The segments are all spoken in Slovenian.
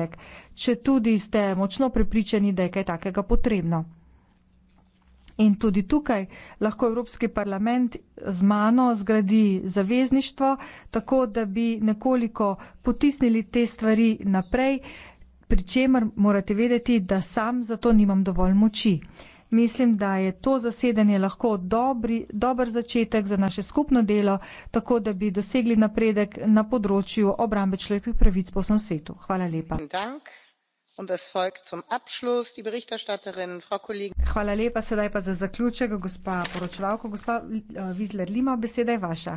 dosežek, če tudi ste močno prepričani, da je kaj takega potrebno. In tudi tukaj lahko Evropski parlament z mano zgradi zavezništvo, tako da bi nekoliko potisnili te stvari naprej, pri čemer morate vedeti, da sam zato nimam dovolj moči. Mislim, da je to zasedanje lahko dobri, dober začetek za naše skupno delo, tako da bi dosegli napredek na področju obrambe človekovih pravic po vsem svetu. Hvala lepa. Hvala lepa, sedaj pa za zaključek, gospa poročevalka, gospa Wiesler eh, Lima, beseda je vaša.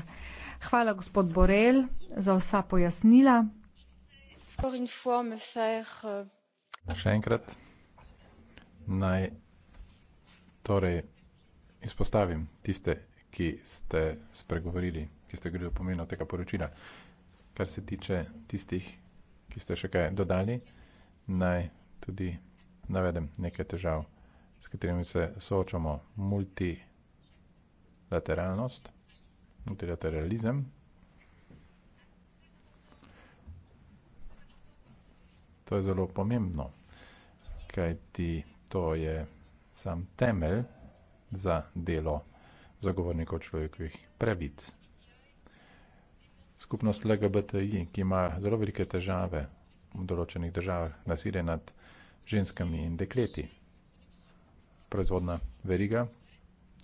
Hvala, gospod Borel, za vsa pojasnila. Euh, Še enkrat naj Torej, izpostavim tiste, ki ste spregovorili, ki ste govorili o pomenu tega poročila. Kar se tiče tistih, ki ste še kaj dodali, naj tudi navedem nekaj težav, s katerimi se soočamo. Multilateralnost, multilateralizem. To je zelo pomembno, kajti to je sam temelj za delo zagovornikov človekovih pravic. Skupnost LGBTI, ki ima zelo velike težave v določenih državah, nasilje nad ženskami in dekleti. Proizvodna veriga,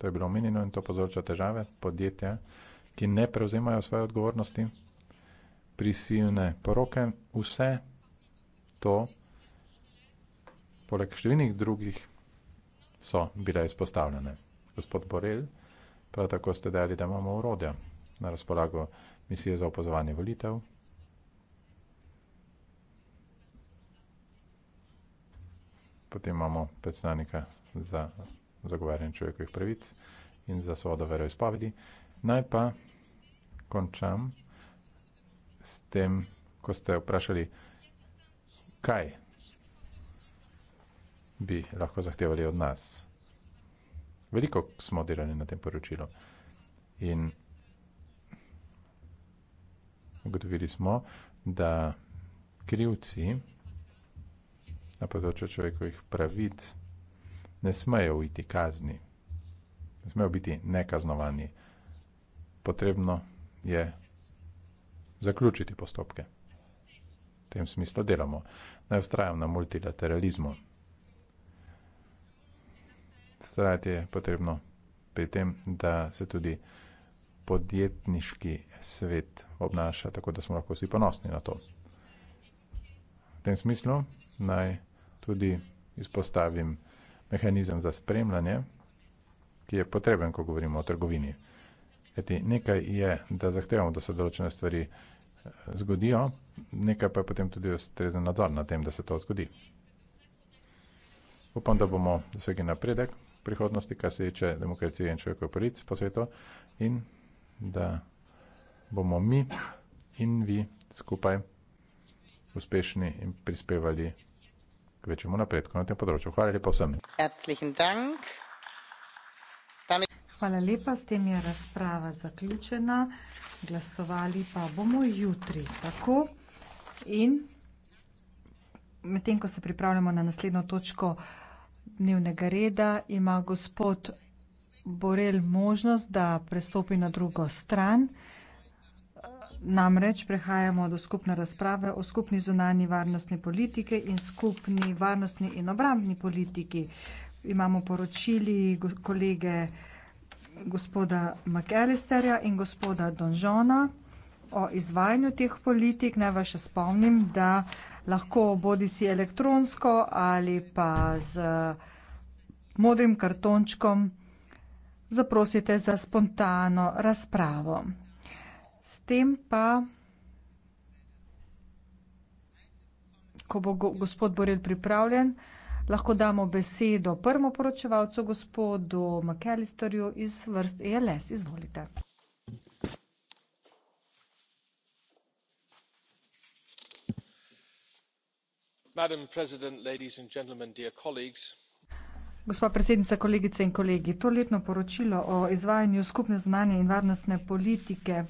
to je bilo omenjeno in to povzroča težave, podjetja, ki ne prevzemajo svoje odgovornosti, prisilne poroke, vse to, poleg številnih drugih so bile izpostavljene. Gospod Borel, prav tako ste dali, da imamo urodja na razpolago misije za opozovanje volitev. Potem imamo predstavnika za zagovarjanje človekovih pravic in za svobodo veroizpovedi. Naj pa končam s tem, ko ste vprašali, kaj bi lahko zahtevali od nas. Veliko smo delali na tem poročilu in ugotovili smo, da krivci na področju človekovih pravic ne smejo uiti kazni, ne smejo biti nekaznovani. Potrebno je zaključiti postopke. V tem smislu delamo. Naj ustrajam na multilateralizmu. Strati je potrebno pri tem, da se tudi podjetniški svet obnaša, tako da smo lahko vsi ponosni na to. V tem smislu naj tudi izpostavim mehanizem za spremljanje, ki je potreben, ko govorimo o trgovini. Eti, nekaj je, da zahtevamo, da se določene stvari eh, zgodijo, nekaj pa je potem tudi ustrezen nadzor na tem, da se to zgodi. Upam, da bomo dosegli napredek prihodnosti, kar se tiče demokracije in človekovih pravic po svetu, in da bomo mi in vi skupaj uspešni in prispevali k večjemu napredku na tem področju. Hvala lepa vsem. Hvala lepa, s tem je razprava zaključena. Glasovali pa bomo jutri. Tako in medtem, ko se pripravljamo na naslednjo točko, dnevnega reda ima gospod Borel možnost, da prestopi na drugo stran. Namreč prehajamo do skupne razprave o skupni zunanji varnostni politiki in skupni varnostni in obrambni politiki. Imamo poročili kolege gospoda McAllisterja in gospoda Donžona o izvajanju teh politik. Naj vas še spomnim, da lahko bodi si elektronsko ali pa z modrim kartončkom zaprosite za spontano razpravo. S tem pa, ko bo gospod Borel pripravljen, lahko damo besedo prvemu poročevalcu, gospodu McAllisterju iz vrst ELS. Izvolite. gospa predsednica kolegice in kolegi to letno poročilo o izvajanju skupne zunanje in varnostne politike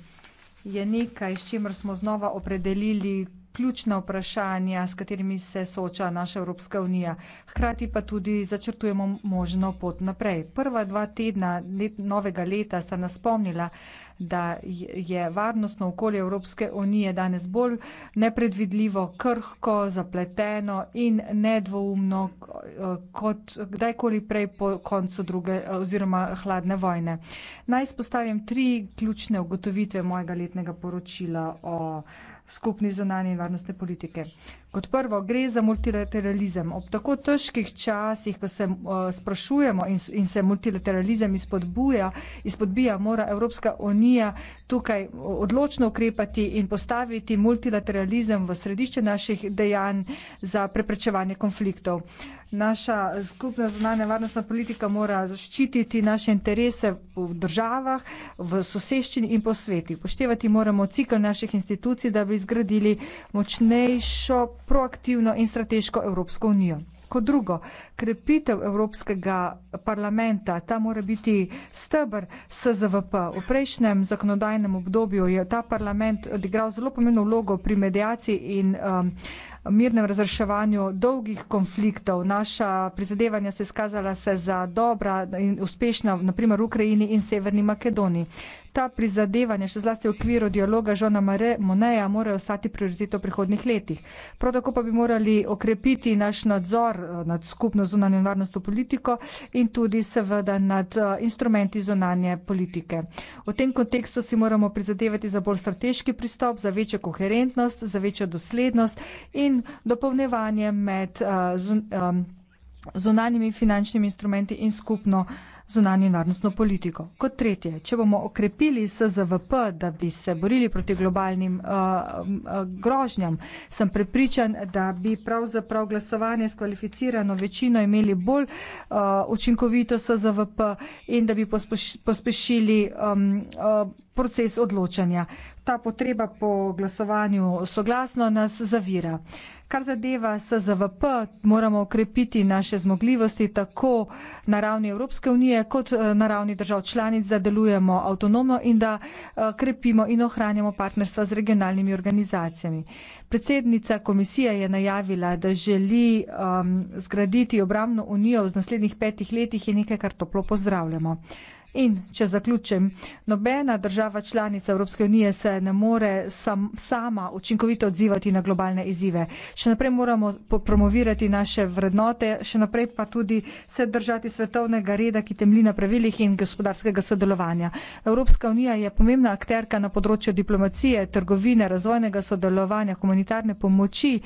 je nekaj s čimer smo znova opredelili ključna vprašanja s katerimi se sooča naša evropska unija hkrati pa tudi začrtujemo možno pot naprej. prva dva tedna novega leta sta nas spomnila da je varnostno okolje Evropske unije danes bolj nepredvidljivo, krhko, zapleteno in nedvoumno eh, kot kdajkoli prej po koncu druge eh, oziroma hladne vojne. Naj spostavim tri ključne ugotovitve mojega letnega poročila o skupni zunanje in varnostne politike. Kot prvo, gre za multilateralizem. Ob tako težkih časih, ko se uh, sprašujemo in, in se multilateralizem izpodbuja, izpodbija, mora Evropska unija tukaj eh, odločno ukrepati in postaviti multilateralizem v središče naših dejanj za preprečevanje konfliktov. Naša eh, skupna zunanja varnostna politika mora zaščititi naše interese v državah, v soseščini in po svetu. Poštevati moramo cikl naših institucij, da bi zgradili močnejšo proaktivno in strateško Evropsko unijo. Kot drugo, krepitev Evropskega parlamenta, ta mora biti stebr SZVP. V prejšnjem zakonodajnem obdobju je ta parlament odigral zelo pomembno vlogo pri medijaciji in um, mirnem razreševanju dolgih konfliktov. Naša prizadevanja se izkazala se za dobra in uspešna, naprimer v Ukrajini in Severni Makedoniji. Ta prizadevanja, še zlasti v okviru dialoga Žona Mare Moneja, morajo ostati prioriteto v prihodnih letih. Prav tako pa bi morali okrepiti naš nadzor eh, nad skupno zunanjo in varnostno politiko in tudi seveda nad eh, instrumenti zunanje politike. V tem kontekstu si moramo prizadevati za bolj strateški pristop, za večjo koherentnost, za večjo doslednost in in dopolnjevanje med eh, eh, zunanjimi finančnimi instrumenti in skupno zunanjo in varnostno politiko. Kot tretje, če bomo okrepili SZVP, da bi se borili proti globalnim uh, uh, grožnjam, sem prepričan, da bi pravzaprav glasovanje s kvalificirano večino imeli bolj uh, učinkovito SZVP in da bi pospeš, pospešili um, uh, proces odločanja. Ta potreba po glasovanju soglasno nas zavira. Kar zadeva SZVP, moramo okrepiti naše zmogljivosti tako na ravni Evropske unije, kot eh, na ravni držav članic, da delujemo avtonomno in da eh, krepimo in ohranjamo partnerstva z regionalnimi organizacijami. Predsednica komisije je najavila, da želi um, zgraditi obramno unijo v naslednjih petih letih in nekaj, kar toplo pozdravljamo. In če zaključim, nobena država članica Evropske unije se ne more sam, sama učinkovito odzivati na globalne izzive. Še naprej moramo promovirati naše vrednote, še naprej pa tudi se držati svetovnega reda, ki temlji na pravilih in gospodarskega sodelovanja. Evropska unija je pomembna akterka na področju diplomacije, trgovine, razvojnega sodelovanja, humanitarne pomoči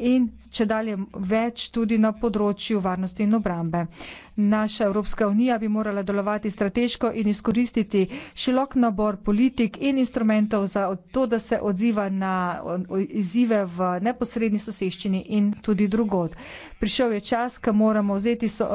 in če dalje več tudi na področju varnosti in obrambe. Naša Evropska unija bi morala delovati strateško in izkoristiti širok nabor politik in instrumentov za to, da se odziva na izzive v neposredni soseščini in tudi drugod prišel je čas, ko moramo vzeti so, uh,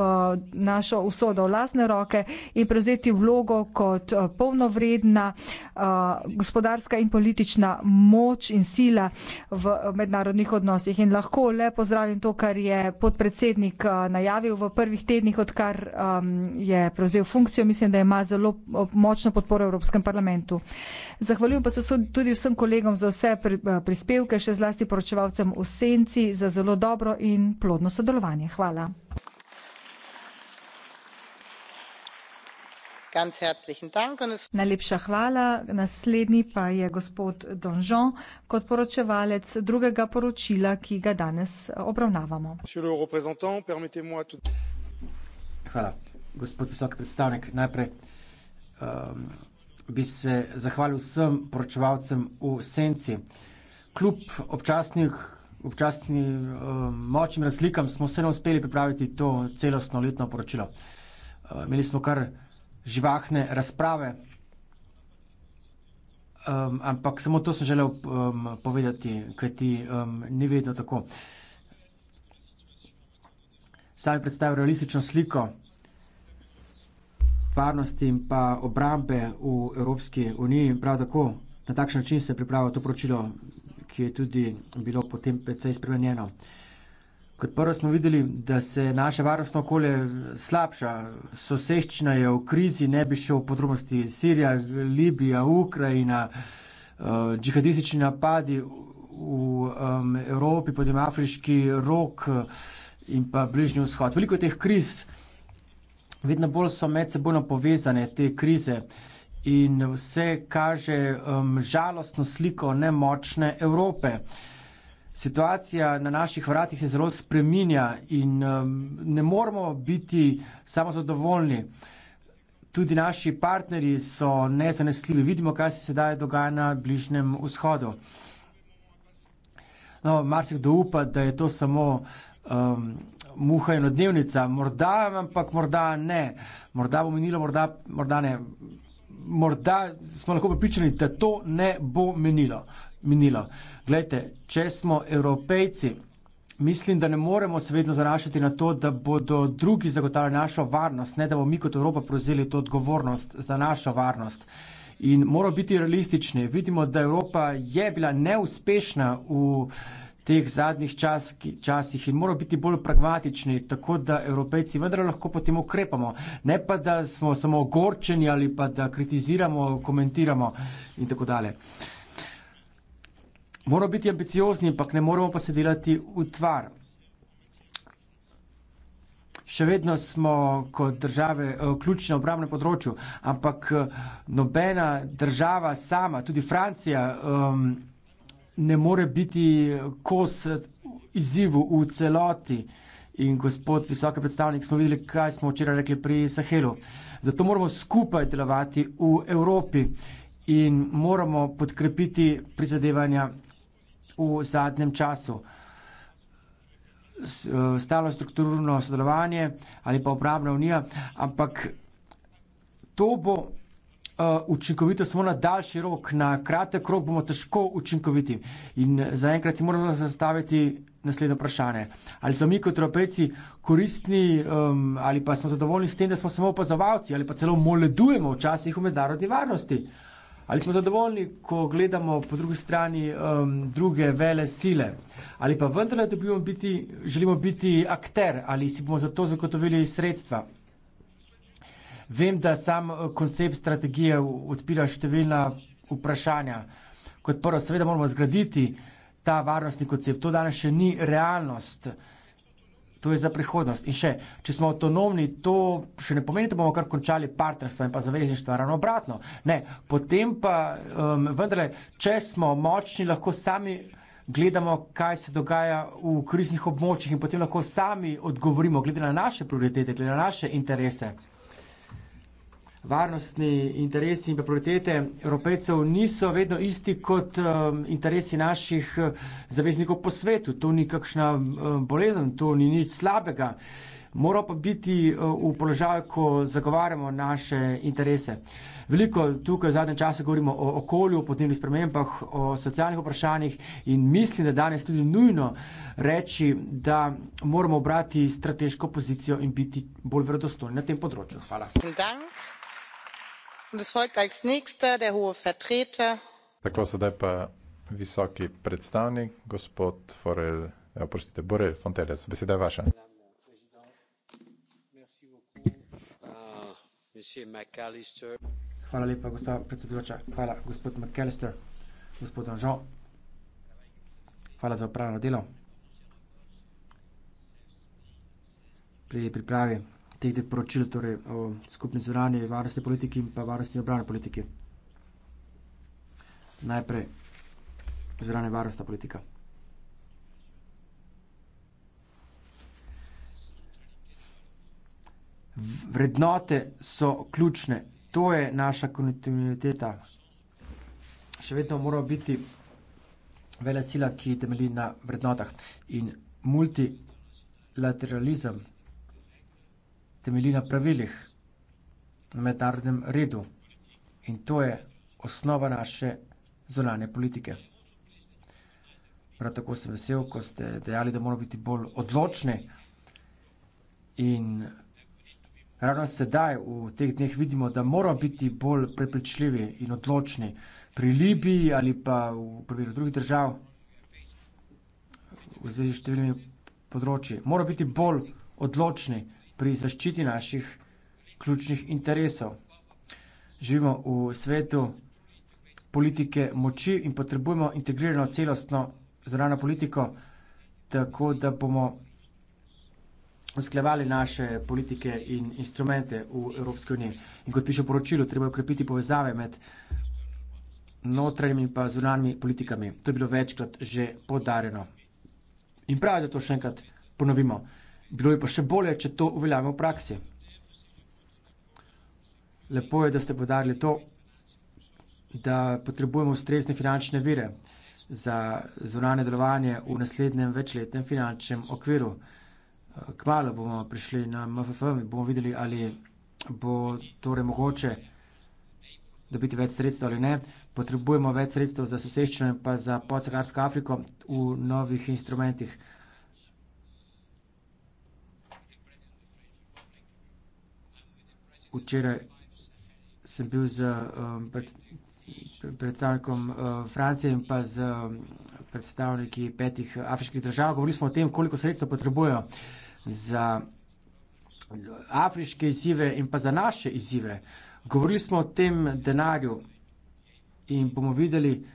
našo usodo v lasne roke in prevzeti vlogo kot uh, polnovredna uh, gospodarska in politična moč in sila v mednarodnih odnosih. In lahko le pozdravim to, kar je podpredsednik uh, najavil v prvih tednih, odkar um, je prevzel funkcijo. Mislim, da ima zelo močno podporo v Evropskem parlamentu. Zahvaljujem pa se tudi vsem kolegom za vse pri, uh, prispevke, še zlasti poročevalcem v senci za zelo dobro in plodno sodelovanje. Hvala. Najlepša hvala. Naslednji pa je gospod Donžon kot poročevalec drugega poročila, ki ga danes obravnavamo. Hvala. Gospod visoki predstavnik, najprej um, bi se zahvalil vsem poročevalcem v senci. Kljub občasnih občasni uh, močnim razlikam smo vseeno uspeli pripraviti to celostno letno poročilo. Uh, imeli smo kar živahne razprave, um, ampak samo to sem želel um, povedati, kaj ti um, ni vedno tako. Sam predstavljam realistično sliko varnosti in pa obrambe v Evropski uniji in prav tako na takšen način se je pripravilo to poročilo ki je tudi bilo potem precej spremenjeno. Kot prvo smo videli, da se naše varnostno okolje slabša, soseščina je v krizi, ne bi šel v podrobnosti Sirija, Libija, Ukrajina, uh, džihadistični napadi v um, Evropi, potem afriški rok uh, in pa bližnji vzhod. Veliko teh kriz, vedno bolj so medsebojno povezane te krize in vse kaže um, žalostno sliko nemočne Evrope. Situacija na naših vratih se zelo spreminja in um, ne moramo biti samo zadovoljni. Tudi naši partnerji so nezanesljivi. Vidimo, kaj se sedaj dogaja na Bližnjem vzhodu. No, Mar se kdo upa, da je to samo um, muha in odnevnica? Morda, ampak morda ne. Morda bo minilo, morda, morda ne morda smo lahko pripričani, da to ne bo menilo. minilo. Glejte, če smo evropejci, mislim, da ne moremo se vedno zanašati na to, da bodo drugi zagotavljali našo varnost, ne da bomo mi kot Evropa prevzeli to odgovornost za našo varnost. In moramo biti realistični. Vidimo, da Evropa je bila neuspešna v teh zadnjih čas, ki, časih in moramo biti bolj pragmatični, tako da evropejci vendar lahko potem ukrepamo. Ne pa, da smo samo ogorčeni ali pa da kritiziramo, komentiramo in tako dalje. Moramo biti ambiciozni, ampak ne moramo pa se delati v tvar. Še vedno smo kot države eh, ključni na obramnem področju, ampak eh, nobena država sama, tudi Francija, um, ne more biti kos izzivu v celoti. In gospod visoki predstavnik, smo videli, kaj smo včeraj rekli pri Sahelu. Zato moramo skupaj delovati v Evropi in moramo podkrepiti prizadevanja v zadnjem času. Eh, stalno strukturno sodelovanje ali pa upravna unija, ampak to bo Uh, učinkovito samo na daljši rok, na kratek rok bomo težko učinkoviti. In eh, zaenkrat si moramo zastaviti naslednje vprašanje. Ali smo mi kot tropejci koristni um, ali pa smo zadovoljni s tem, da smo samo opazovalci ali pa celo moledujemo včasih v mednarodni varnosti? Ali smo zadovoljni, ko gledamo po drugi strani um, druge vele sile? Ali pa vendarle biti, želimo biti akter ali si bomo zato zagotovili sredstva? Vem, da sam eh, koncept strategije odpira številna vprašanja. Kot prvo, seveda moramo zgraditi ta varnostni koncept. To danes še ni realnost. To je za prihodnost. In še, če smo avtonomni, to še ne pomeni, da bomo kar končali partnerstvo in pa zavezništvo, ravno obratno. Ne, potem pa um, vendarle, če smo močni, lahko sami gledamo, kaj se dogaja v kriznih območjih in potem lahko sami odgovorimo, glede na naše prioritete, glede na naše interese varnostni interesi in prioritete evropejcev niso vedno isti kot um, interesi naših uh, zaveznikov po svetu. To ni kakšna um, bolezen, to ni nič slabega. Moramo pa biti uh, v položaju, ko zagovarjamo naše interese. Veliko tukaj v zadnjem času govorimo o okolju, o podnebnih spremembah, o socialnih vprašanjih in mislim, da danes tudi nujno reči, da moramo obrati strateško pozicijo in biti bolj verodostojni na tem področju. Hvala. Dank tako sedaj pa visoki predstavnik gospod forel ja, oprostite borel fontelles beseda je vaša. hvala lepa gospa predsedujoča hvala gospod mcallister gospod danjean hvala za opravljeno delo. pri pripravi teh poročil, torej o skupni zvrani varnostni politiki in pa varnostni obrani politiki. Najprej zvrani varnostna politika. Vrednote so ključne. To je naša kontinuiteta. Še vedno mora biti vele sila, ki temelji na vrednotah. In multilateralizem, temelji na pravilih, na mednarodnem redu in to je osnova naše zunanje politike. Prav tako sem vesel, ko ste dejali, da moramo biti bolj odločni in ravno sedaj v teh dneh vidimo, da moramo biti bolj prepričljivi in odločni pri Libiji ali pa v primeru drugih držav v zvezi s številnimi področji. Moramo biti bolj odločni pri zaščiti naših ključnih interesov. Živimo v svetu politike moči in potrebujemo integrirano celostno zorano politiko, tako da bomo usklevali naše politike in instrumente v Evropske unije. In kot piše v poročilu, treba ukrepiti povezave med notranjimi pa zunanjimi politikami. To je bilo večkrat že podarjeno. In pravi, da to še enkrat ponovimo. Bilo je pa še bolje, če to uveljavimo v praksi. Lepo je, da ste podarili to, da potrebujemo ustrezne finančne vire za zvonanje delovanje v naslednjem večletnem finančnem okviru. Kmalo bomo prišli na MFF in bomo videli, ali bo torej mogoče dobiti več sredstev ali ne. Potrebujemo več sredstev za soseščino in pa za podsaharsko Afriko v novih instrumentih. včeraj sem bil z um, pred, predstavnikom uh, Francije in pa z um, predstavniki petih afriških držav. Govorili smo o tem, koliko sredstva potrebujejo za afriške izzive in pa za naše izzive. Govorili smo o tem denarju in bomo videli,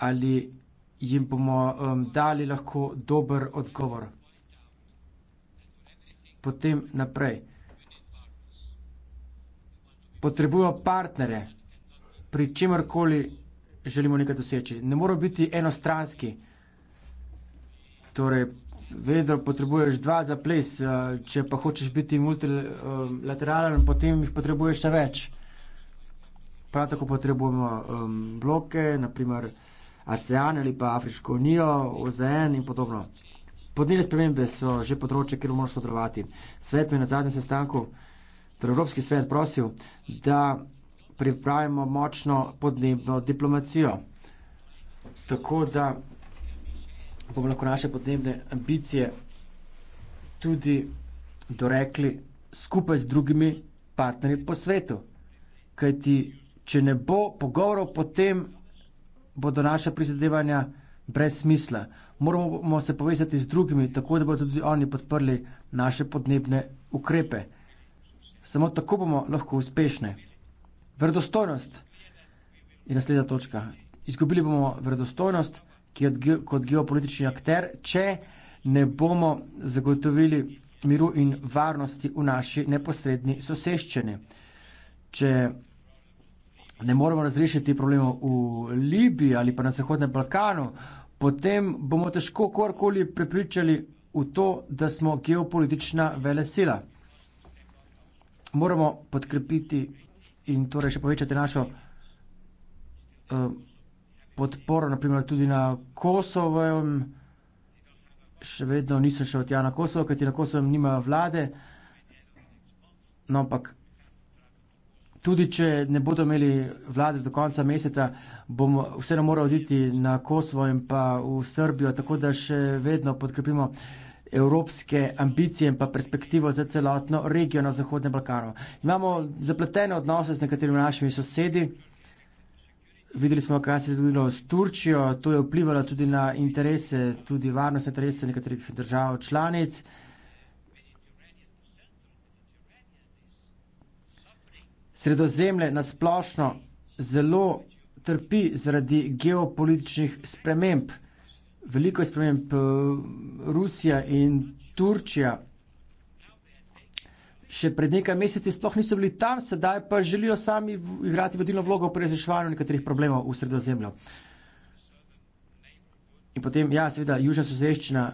ali jim bomo um, dali lahko dober odgovor. Potem naprej potrebujemo partnerje, pri čemer koli želimo nekaj doseči. Ne moramo biti enostranski. Torej, vedno potrebuješ dva za ples, eh, če pa hočeš biti multilateralen, eh, potem jih potrebuješ še več. Prav tako potrebujemo um, bloke, naprimer ASEAN ali pa Afriško unijo, OZN in podobno. Podnebne spremembe so že področje, kjer moramo sodelovati. Svet me je na zadnjem sestanku uh, Torej, Evropski svet prosil, da pripravimo močno podnebno diplomacijo, tako da bomo lahko naše podnebne ambicije tudi dorekli skupaj z drugimi partnerji po svetu. Kajti, če ne bo pogovorov, potem bodo naša prizadevanja brez smisla. Moramo se povezati z drugimi, tako da bodo tudi oni podprli naše podnebne ukrepe. Samo tako bomo lahko uspešni. Vrdostojnost je naslednja točka. Izgubili bomo vrdostojnost kot geopolitični akter, če ne bomo zagotovili miru in varnosti v naši neposrednji soseščini. Če ne moremo razrešiti problemov v Libiji ali pa na Zahodnem Balkanu, potem bomo težko korkoli prepričali v to, da smo geopolitična velesila moramo podkrepiti in torej še povečati našo uh, podporo, naprimer tudi na Kosovem. Še vedno nisem šel tja na Kosovo, kajti na Kosovem nimajo vlade. No, ampak tudi, če ne bodo imeli vlade do konca meseca, bom vseeno moral oditi na Kosovo in pa v Srbijo, tako da še vedno podkrepimo. Uh, evropske ambicije in pa perspektivo za celotno regijo na Zahodnem Balkanu. Imamo zapletene odnose z nekaterimi našimi sosedi. Videli smo, kaj se je zgodilo s Turčijo, to je vplivalo tudi na interese, tudi varnostne interese nekaterih držav članic. Sredozemlje nasplošno zelo trpi zaradi geopolitičnih sprememb veliko sprememb. Eh, Rusija in Turčija še pred nekaj meseci sploh niso bili tam, sedaj pa želijo sami igrati vodilno vlogo pri reševanju nekaterih problemov v sredozemlju. In potem, ja, seveda, južna sozeščina,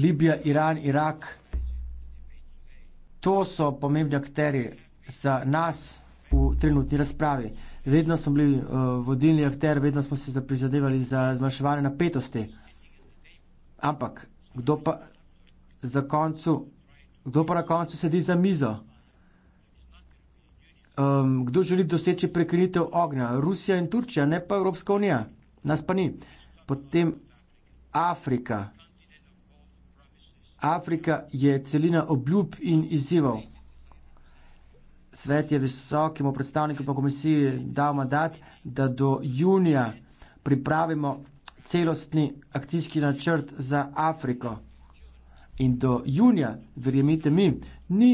Libija, Iran, Irak, to so pomembni akteri za nas v trenutni razpravi. Vedno smo bili uh, vodilni akter, vedno smo se prizadevali za zmanjševanje napetosti. Ampak kdo pa, za koncu, kdo pa na koncu sedi za mizo? Um, kdo želi doseči prekinitev ognja? Rusija in Turčija, ne pa Evropska unija. Nas pa ni. Potem Afrika. Afrika je celina obljub in izzivov svet je visokemu predstavniku po komisiji dal mandat, da do junija pripravimo celostni akcijski načrt za Afriko. In do junija, verjemite mi, ni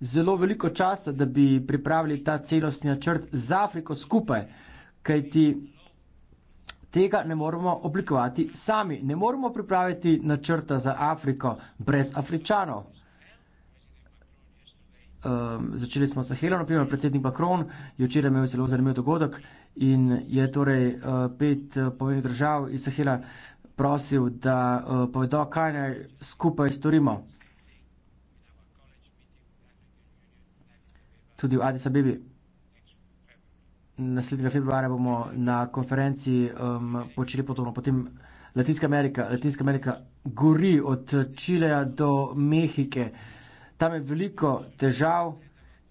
zelo veliko časa, da bi pripravili ta celostni načrt za Afriko skupaj, kajti tega ne moremo oblikovati sami. Ne moremo pripraviti načrta za Afriko brez Afričanov. Um, začeli smo s Sahelom, naprimer predsednik Bakron je včeraj imel zelo zanimiv dogodek in je torej uh, pet uh, pomembnih držav iz Sahela prosil, da uh, povedo, kaj naj skupaj storimo. Tudi v Adis Abebi. Naslednjega februarja bomo na konferenci um, počeli podobno. Potem Latinska Amerika, Latinska Amerika gori od Čileja do Mehike. Uh, tam je veliko težav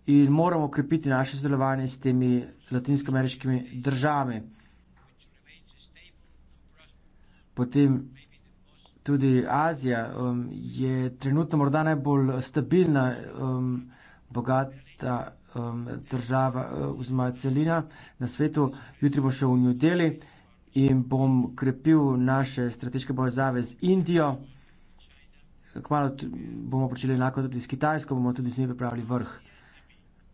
in moramo ukrepiti naše sodelovanje s temi latinskoameriškimi državami. Potem tudi Azija um, je trenutno morda najbolj stabilna, um, bogata um, država uh, oziroma um, celina na svetu. Jutri bo še v Njudeli in bom krepil naše strateške povezave z Indijo kmalo bomo počeli enako tudi s Kitajsko, bomo tudi z njimi pripravili vrh.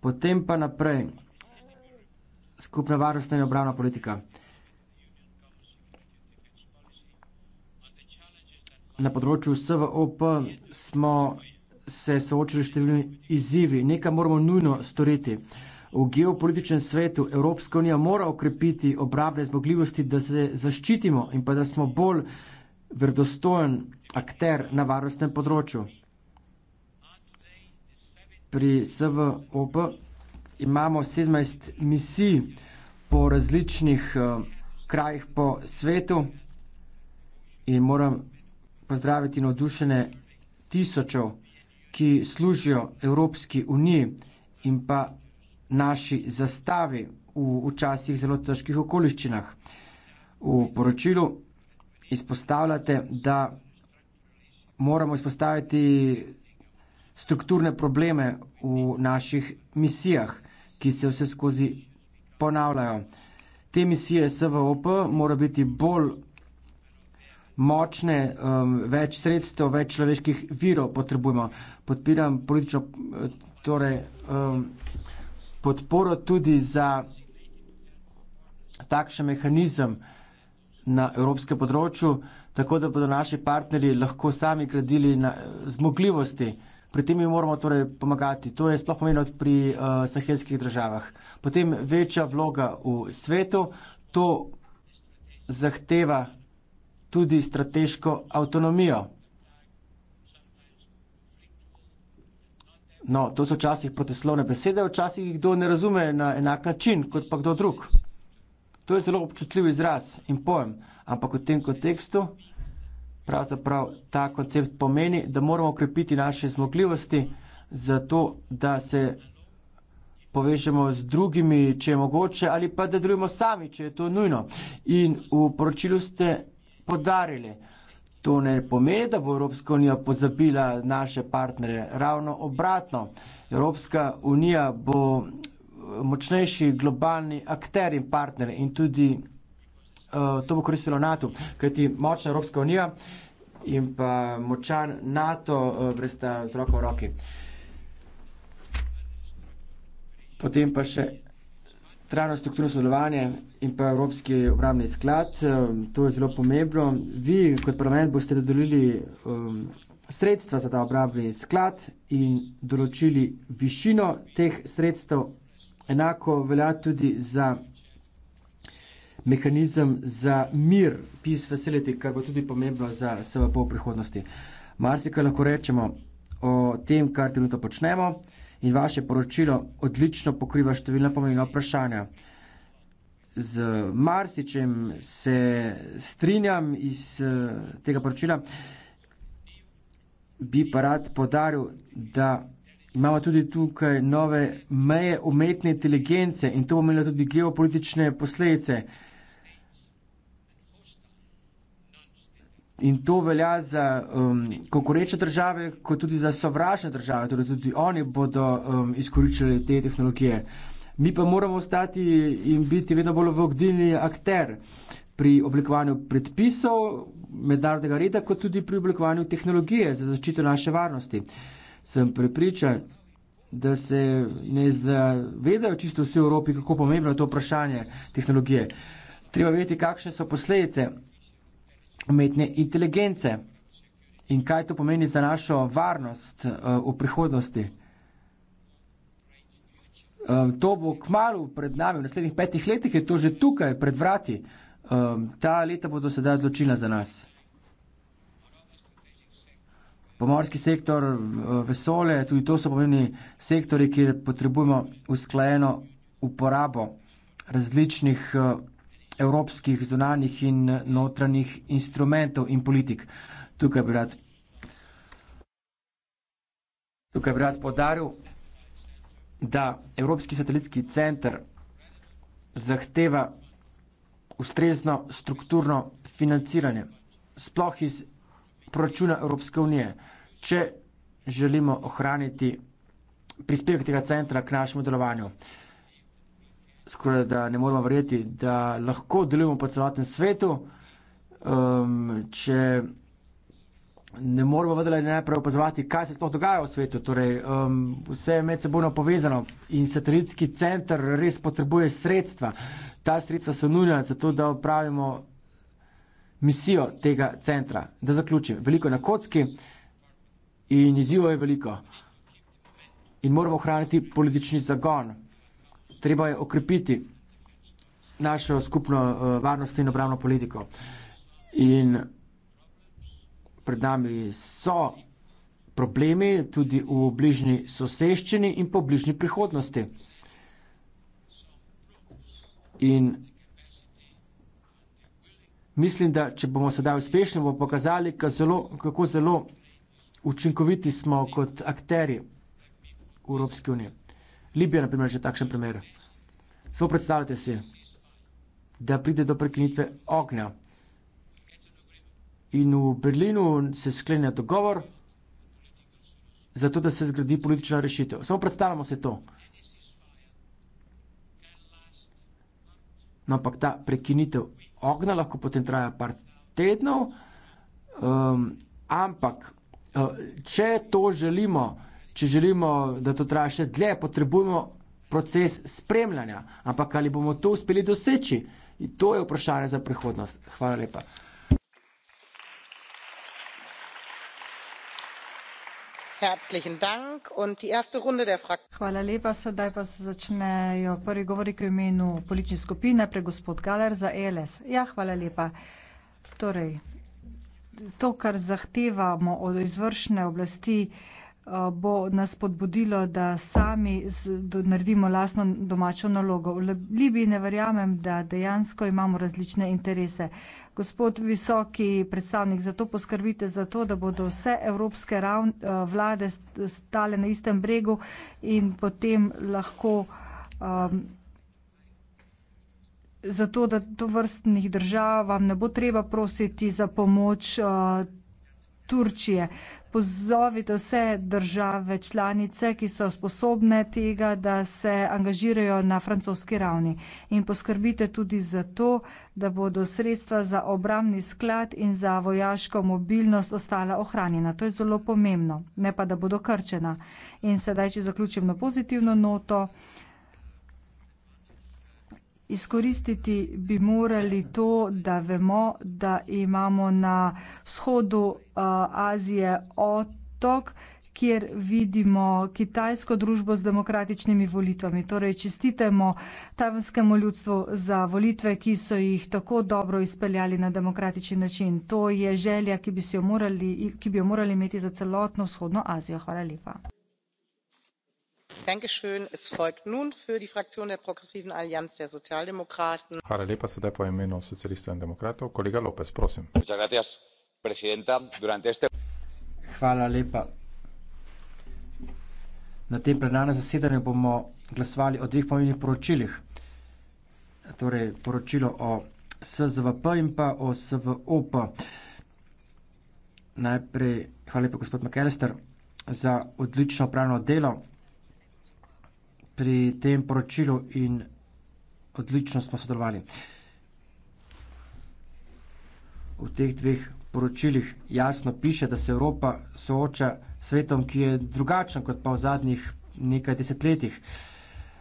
Potem pa naprej, skupna varnostna in obravna politika. Na področju SVOP smo se soočili številni izzivi, nekaj moramo nujno storiti. V geopolitičnem svetu Evropska unija mora okrepiti obrambne zmogljivosti, da se zaščitimo in pa da smo bolj verdostojen akter na varnostnem področju. Pri SVOP imamo sedemnajst misij po različnih eh, krajih po svetu in moram pozdraviti navdušene tisočev, ki služijo Evropski uniji in pa naši zastavi v včasih zelo težkih okoliščinah. V poročilu izpostavljate, da moramo izpostaviti strukturne probleme v naših misijah, ki se vse skozi ponavljajo. Te misije SVOP mora biti bolj močne, um, več sredstev, več človeških virov potrebujemo. Podpiram politično torej, um, podporo tudi za takšen mehanizem na evropskem področju tako da bodo naši partnerji lahko sami gradili na zmogljivosti. Pri tem jim moramo torej pomagati. To je sploh pomenilo pri uh, sahelskih državah. Potem večja vloga v svetu, to zahteva tudi strateško avtonomijo. No, to so včasih proteslovne besede, včasih jih kdo ne razume na enak način kot pa kdo drug. To je zelo občutljiv izraz in pojem, ampak v tem kontekstu pravzaprav ta koncept pomeni, da moramo okrepiti naše zmogljivosti, zato da se povežemo z drugimi, če je mogoče, ali pa da delujemo sami, če je to nujno. In v poročilu ste podarili, to ne pomeni, da bo Evropska unija pozabila naše partnere. Ravno obratno, Evropska unija bo močnejši globalni akter in partner in tudi uh, to bo koristilo NATO, kajti močna Evropska unija in pa močan NATO uh, brez ta roko v roki. Potem pa še trajno strukturno sodelovanje in pa Evropski obramni sklad, um, to je zelo pomembno. Vi kot parlament boste dodelili um, sredstva za ta obramni sklad in določili višino teh sredstev, enako velja tudi za mehanizem za mir, peace facility, kar bo tudi pomembno za SVP v prihodnosti. Marsikaj lahko rečemo o tem, kar trenutno počnemo in vaše poročilo odlično pokriva številna pomembna vprašanja. Z marsičem se strinjam iz eh, tega poročila, bi pa rad podaril, da Imamo tudi tukaj nove meje umetne inteligence in to bo imelo tudi geopolitične posledice. In to velja za um, konkurenčne države, kot tudi za sovražne države, torej tudi oni bodo um, izkoriščali te tehnologije. Mi pa moramo ostati in biti vedno bolj vodilni akter pri oblikovanju predpisov mednarodnega reda, kot tudi pri oblikovanju tehnologije za zaščito naše varnosti. Uh, sem prepričan, da se ne zavedajo čisto vsi v Evropi, kako pomembno je to vprašanje tehnologije. Treba vedeti, kakšne so posledice umetne inteligence in kaj to pomeni za našo varnost uh, v prihodnosti. Um, to bo kmalo pred nami, v naslednjih petih letih je to že tukaj, pred vrati. Um, ta leta bodo sedaj odločila za nas pomorski sektor, eh, vesole, tudi to so pomembni sektori, kjer potrebujemo usklajeno uporabo različnih eh, evropskih zunanjih in eh, notranjih instrumentov in politik. Tukaj bi rad, tukaj bi rad podaril, da Evropski satelitski center zahteva ustrezno strukturno financiranje, sploh iz proračuna Evropske unije če želimo ohraniti prispevek tega centra k našemu delovanju. Skoraj da ne moramo verjeti, da lahko delujemo po celotnem svetu, um, če ne moramo vedeti najprej opazovati, kaj se sploh dogaja v svetu. Torej, um, vse je med sebojno povezano in satelitski center res potrebuje sredstva. Ta sredstva so nujna za to, da opravimo misijo tega centra. Da zaključim, veliko je na kocki. In izjivo je veliko. In moramo ohraniti politični zagon. Treba je okrepiti našo skupno uh, varnost in obravno politiko. In pred nami so problemi tudi v bližnji soseščini in po bližnji prihodnosti. In mislim, da če bomo sedaj uspešni, bomo pokazali, zelo, kako zelo učinkoviti smo kot akteri v Evropski uniji. Libija, na primer, je že takšen primer. Samo predstavljajte si, da pride do prekinitve ognja in v Berlinu se sklenja dogovor, zato da se zgradi politična rešitev. Samo predstavljamo se to. No, ampak ta prekinitev ognja lahko potem traja par tednov, um, ampak Eh, če to želimo, če želimo, da to traja še dlje, potrebujemo proces spremljanja. Ampak ali bomo to uspeli doseči, In to je vprašanje za prihodnost. Hvala lepa. Hvala lepa. Sedaj pa se začnejo prvi govorniki v imenu politične skupine, pre gospod Galer za ELS. Ja, hvala lepa. Torej, to, kar zahtevamo od izvršne oblasti, eh, bo nas podbudilo, da sami naredimo lastno domačo nalogo. V Libiji ne verjamem, da dejansko imamo različne interese. Gospod visoki predstavnik, zato poskrbite za to, da bodo vse evropske ravn, eh, vlade stale na istem bregu in potem lahko. Um, zato, da to vrstnih držav vam ne bo treba prositi za pomoč uh, Turčije. Pozovite vse države članice, ki so sposobne tega, da se angažirajo na francoski ravni. In poskrbite tudi za to, da bodo sredstva za obramni sklad in za vojaško mobilnost ostala ohranjena. To je zelo pomembno, ne pa da bodo krčena. In sedaj, če zaključim na pozitivno noto, uh, Izkoristiti bi morali to, da vemo, da imamo na vzhodu Azije otok, kjer vidimo kitajsko družbo z demokratičnimi volitvami. Torej, čestitemo tajvanskemu ljudstvu za volitve, ki so jih tako dobro izpeljali na demokratični način. To je želja, ki bi, si jo, morali, ki bi jo morali imeti za celotno vzhodno Azijo. Hvala lepa señor presidente na tem plenarnem zasedanju bomo glasovali o dveh pomembnih poročilih. Torej poročilo o SZVP in pa o SVOP. Najprej hvala lepa, gospod McAllister, za odlično opravljeno delo pri tem poročilu in odlično smo sodelovali. V teh dveh poročilih jasno piše, da se Evropa sooča s svetom, ki je drugačen kot pa v zadnjih nekaj desetletjih.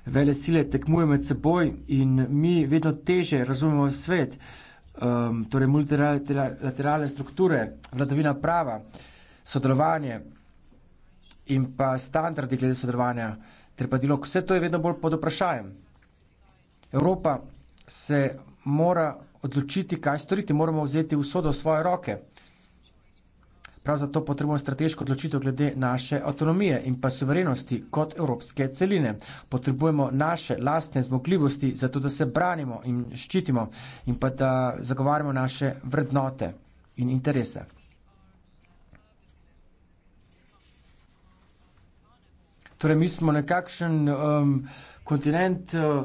Vele sile tekmuje med seboj in mi vedno teže razumemo svet, um, torej multilateralne strukture, vladavina prava, sodelovanje in pa standardi glede sodelovanja trepadilo. Vse to je vedno bolj pod vprašanjem. Evropa se mora odločiti, kaj storiti, moramo vzeti usodo v svoje roke. Prav zato potrebujemo strateško odločitev glede naše avtonomije in pa suverenosti kot evropske celine. Potrebujemo naše lastne zmogljivosti, zato da se branimo in ščitimo in pa da zagovarjamo naše vrednote in interese. Torej, mi smo nekakšen um, kontinent, uh,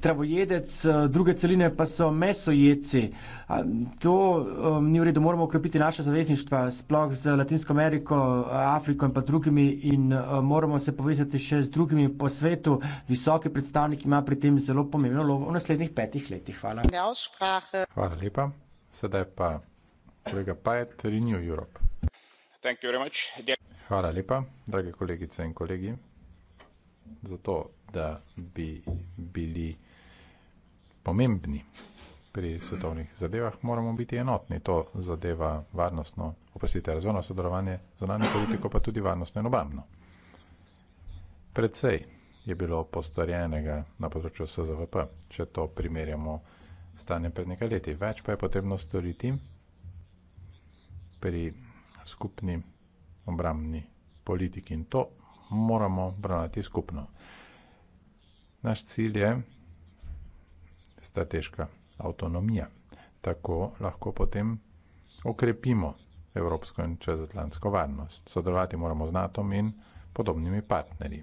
travojedec, uh, druge celine pa so mesojeci. A, to um, ni v redu, moramo okrepiti naše zavezništva, sploh z Latinsko Ameriko, Afriko in pa drugimi in uh, moramo se povezati še z drugimi po svetu. Visoki predstavnik ima pri tem zelo pomembno vlogo v naslednjih petih letih. Hvala. Hvala lepa. Sedaj pa kolega Pajet, Renew Europe. Thank you very much. Hvala lepa, drage kolegice in kolegi, za to, da bi bili pomembni pri svetovnih zadevah, moramo biti enotni. To zadeva varnostno, oprostite, razvojno sodelovanje, zonalno politiko, pa tudi varnostno in obambno. Predvsej je bilo postorjenega na področju SZVP, če to primerjamo stanje pred nekaj leti. Več pa je potrebno storiti pri skupni obramni politiki in to moramo braniti skupno. Naš cilj je strateška avtonomija. Tako lahko potem okrepimo evropsko in čezatlantsko varnost. Sodelovati moramo z NATO in podobnimi partnerji.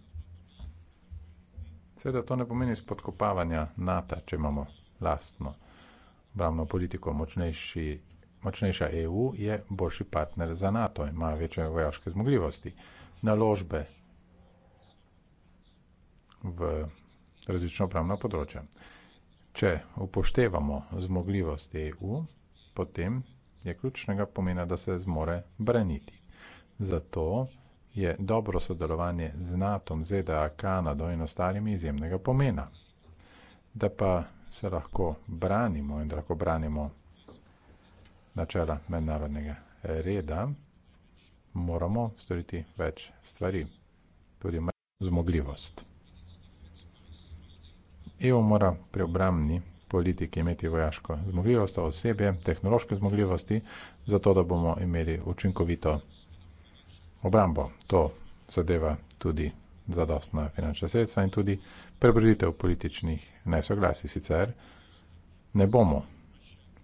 Seveda to ne pomeni spodkopavanja NATO, če imamo lastno obramno politiko, močnejši Močnejša EU je boljši partner za NATO, ima večje vojaške zmogljivosti. Naložbe v različno pravna področja. Če upoštevamo zmogljivost EU, potem je ključnega pomena, da se zmore braniti. Zato je dobro sodelovanje z NATO, ZDA, Kanado in ostalimi izjemnega pomena. Da pa se lahko branimo in da lahko branimo načela mednarodnega reda, moramo storiti več stvari, tudi manj zmogljivost. EU mora pri obramni politiki imeti vojaško zmogljivost, osebje, tehnološke zmogljivosti, zato da bomo imeli učinkovito obrambo. To zadeva tudi zadostna finančna sredstva in tudi prebroditev političnih nesoglasij. Sicer ne bomo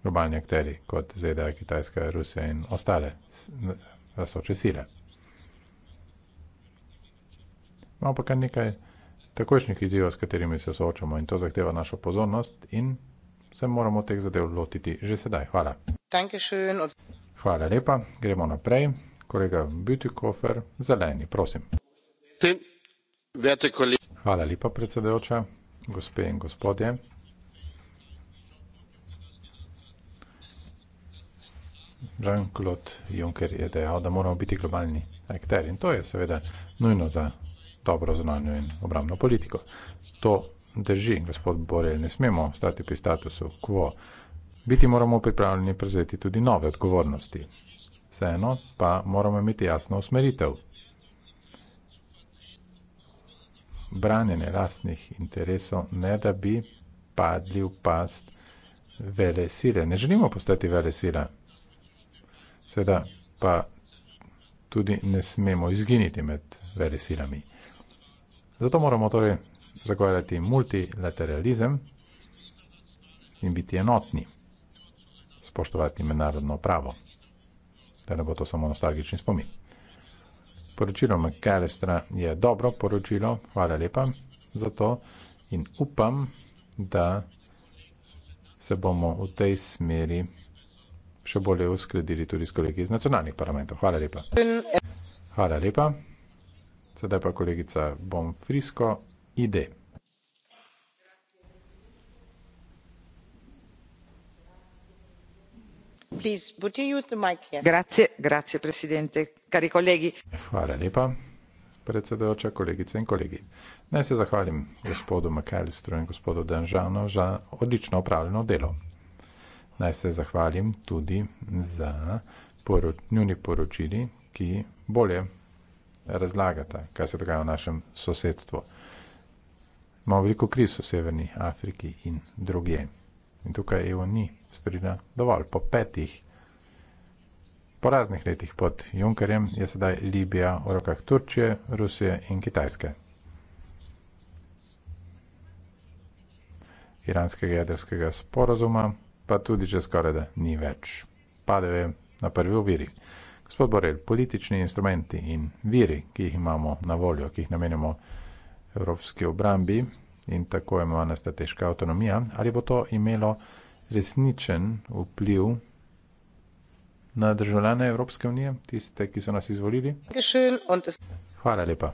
globalni akteri kot ZDA, Kitajska, Rusija in ostale rasoče sile. Imamo pa kar nekaj takojšnjih izzivov, s katerimi se soočamo in to zahteva našo pozornost in se moramo teh zadev lotiti že sedaj. Hvala. Hvala lepa, gremo naprej. Kolega Butikofer, zeleni, prosim. Hvala lepa, predsedujoča, gospe in gospodje. Jean-Claude Juncker je dejal, da moramo biti globalni akter in to je seveda nujno za dobro znanje in obramno politiko. To drži, gospod Borel, ne smemo ostati pri statusu quo. Biti moramo pripravljeni prevzeti tudi nove odgovornosti. Vseeno pa moramo imeti jasno usmeritev. Branjenje lastnih interesov, ne da bi padli v past vele sile. Ne želimo postati vele sile seveda pa tudi ne smemo izginiti med velesilami. Zato moramo torej zagovarjati multilateralizem in biti enotni, spoštovati mednarodno pravo, da ne bo to samo nostalgični spomin. Poročilo McAllistera je dobro poročilo, hvala lepa za to in upam, da se bomo v tej smeri še bolje uskladili tudi s kolegi iz nacionalnih parlamentov. Hvala lepa. Hvala lepa. Sedaj pa kolegica Bonfrisko ide. Grazie, grazie predsednik, kari kolegi. Hvala lepa, predsedujoča, kolegice in kolegi. Naj se zahvalim gospodu McAllisteru in gospodu Danžanu za odlično opravljeno delo naj se zahvalim tudi za poro, njuni poročili, ki bolje razlagata, kaj se dogaja v našem sosedstvu. Imamo veliko kriz v Severni Afriki in drugje. In tukaj EU ni storila dovolj. Po petih, po raznih letih pod Junkerjem je sedaj Libija v rokah Turčije, Rusije in Kitajske. Iranskega jedrskega sporozuma pa tudi če skoraj da ni več. Padejo na prvi oviri. Gospod Borel, politični instrumenti in viri, ki jih imamo na voljo, ki jih namenjamo Evropski obrambi in tako imenovana strateška avtonomija, ali bo to imelo resničen vpliv na državljane Evropske unije, tiste, ki so nas izvolili? Hvala lepa.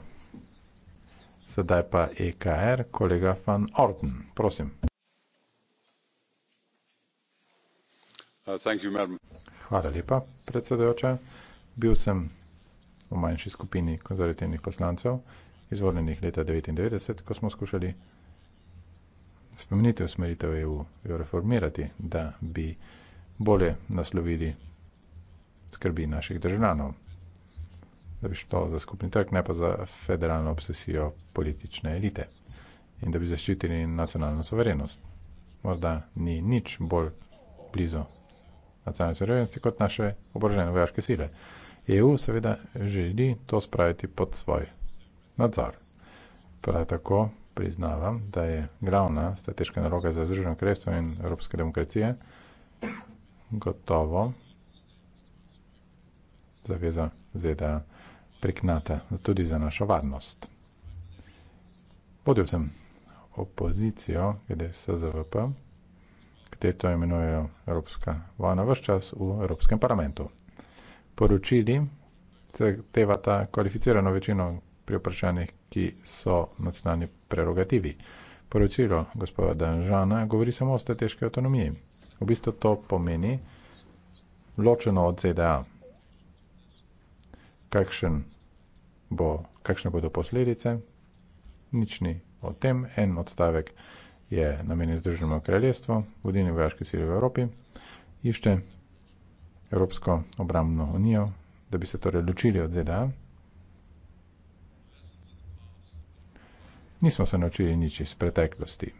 Sedaj pa EKR, kolega Van Orden, prosim. Uh, Hvala lepa, predsedojoča. Bil sem v manjši skupini konzervativnih poslancev, izvoljenih leta 1999, ko smo skušali spremeniti usmeritev EU, jo reformirati, da bi bolje naslovili skrbi naših državljanov, da bi šlo za skupni trg, ne pa za federalno obsesijo politične elite in da bi zaščitili nacionalno soverenost. Morda ni nič bolj blizu nacionalne suverenosti kot naše oborožene vojaške sile. EU seveda želi to spraviti pod svoj nadzor. Prav tako priznavam, da je glavna strateška naloga za Združeno kraljestvo in evropske demokracije gotovo zaveza ZDA priknata tudi za našo varnost. Vodil sem opozicijo, glede SZVP, te to imenujejo Evropska vojna, vse čas v Evropskem parlamentu. Poročili se tevata kvalificirano večino pri vprašanjih, ki so nacionalni prerogativi. Poročilo gospoda Danžana govori samo o strateški avtonomiji. V bistvu to pomeni ločeno od ZDA. Kakšen bo, kakšne bodo posledice? Nič ni o tem. En odstavek je namenjen Združenemu kraljestvu, vodilni vojaški sili v Evropi, išče Evropsko obrambno unijo, da bi se torej ločili od ZDA. Nismo se naučili nič iz preteklosti.